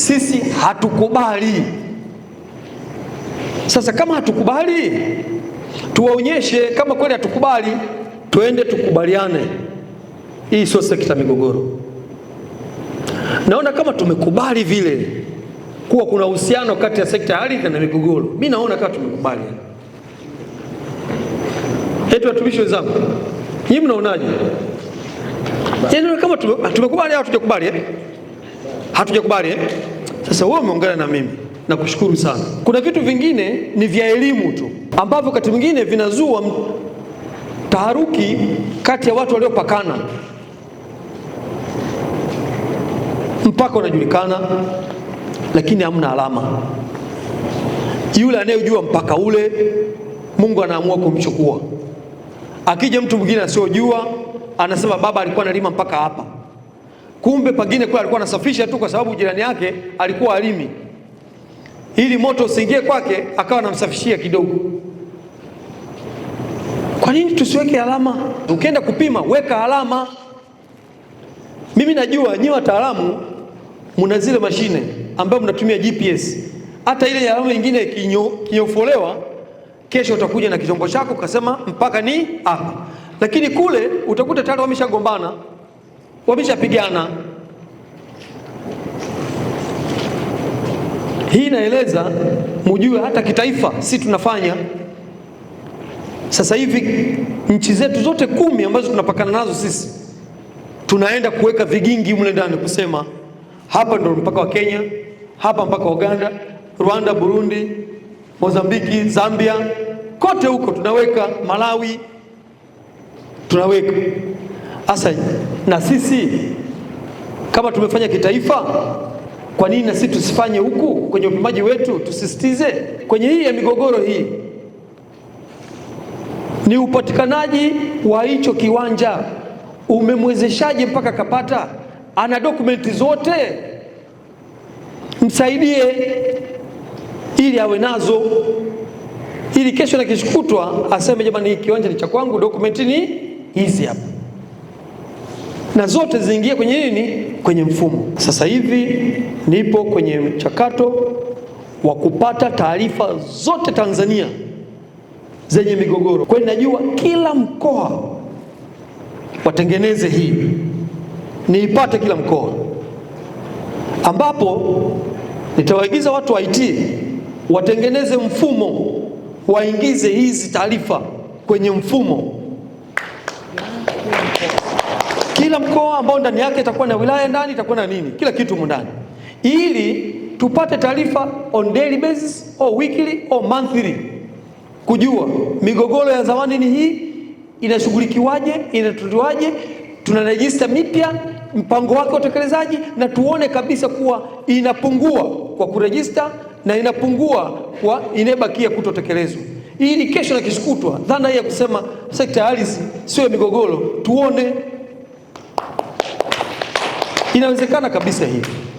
sisi hatukubali. Sasa kama hatukubali, tuwaonyeshe kama kweli hatukubali, tuende tukubaliane. Hii sio sekta migogoro. Naona kama tumekubali vile kuwa kuna uhusiano kati ya sekta ya ardhi na migogoro. Mi naona kama tumekubali. Eti watumishi wenzangu, nyinyi mnaonaje? Yaani kama tumekubali au hatujakubali eh? Hatujakubali eh? Sasa wewe umeongana na mimi, nakushukuru sana. Kuna vitu vingine ni vya elimu tu ambavyo wakati mwingine vinazua taharuki kati ya watu waliopakana, mpaka unajulikana lakini hamna alama. Yule anayejua mpaka ule, Mungu anaamua kumchukua. Akija mtu mwingine asiyojua, anasema baba alikuwa analima mpaka hapa. Kumbe pengine kwa alikuwa anasafisha tu kwa sababu jirani yake alikuwa alimi, ili moto usiingie kwake, akawa anamsafishia kidogo. Kwa nini tusiweke alama? Ukienda kupima, weka alama. Mimi najua nyinyi wataalamu mna zile mashine ambayo mnatumia GPS, hata ile alama nyingine kinyofolewa, kesho utakuja na kichombo chako ukasema mpaka ni hapa, lakini kule utakuta tayari wameshagombana wameshapigana. Hii inaeleza mujue, hata kitaifa si tunafanya sasa hivi. Nchi zetu zote kumi ambazo tunapakana nazo sisi tunaenda kuweka vigingi mle ndani kusema hapa ndo mpaka wa Kenya, hapa mpaka wa Uganda, Rwanda, Burundi, Mozambiki, Zambia, kote huko tunaweka Malawi tunaweka Asa, na sisi kama tumefanya kitaifa, kwa nini na sisi tusifanye huku kwenye upimaji wetu? Tusisitize kwenye hii ya migogoro hii ni upatikanaji wa hicho kiwanja, umemwezeshaje mpaka akapata? Ana dokumenti zote, msaidie ili awe nazo, ili kesho na kishukutwa aseme jamani, hii kiwanja ni cha kwangu, dokumenti ni hizi hapa na zote ziingie kwenye nini? Kwenye mfumo. Sasa hivi nipo kwenye mchakato wa kupata taarifa zote Tanzania zenye migogoro, kwa najua kila mkoa watengeneze hii, niipate kila mkoa, ambapo nitawaagiza watu wa IT watengeneze mfumo, waingize hizi taarifa kwenye mfumo kila mkoa ambao ndani yake itakuwa na wilaya ndani, itakuwa na nini, kila kitu huko ndani, ili tupate taarifa on daily basis or weekly or monthly, kujua migogoro ya zamani ni hii, inashughulikiwaje, inatatuaje, tuna rejista mipya, mpango wake wa utekelezaji, na tuone kabisa kuwa inapungua kwa kurejista na inapungua kwa inayebakia kutotekelezwa, ili kesho na kishukutwa dhana hii ya kusema sekta ya ardhi sio migogoro tuone Inawezekana kabisa hivi.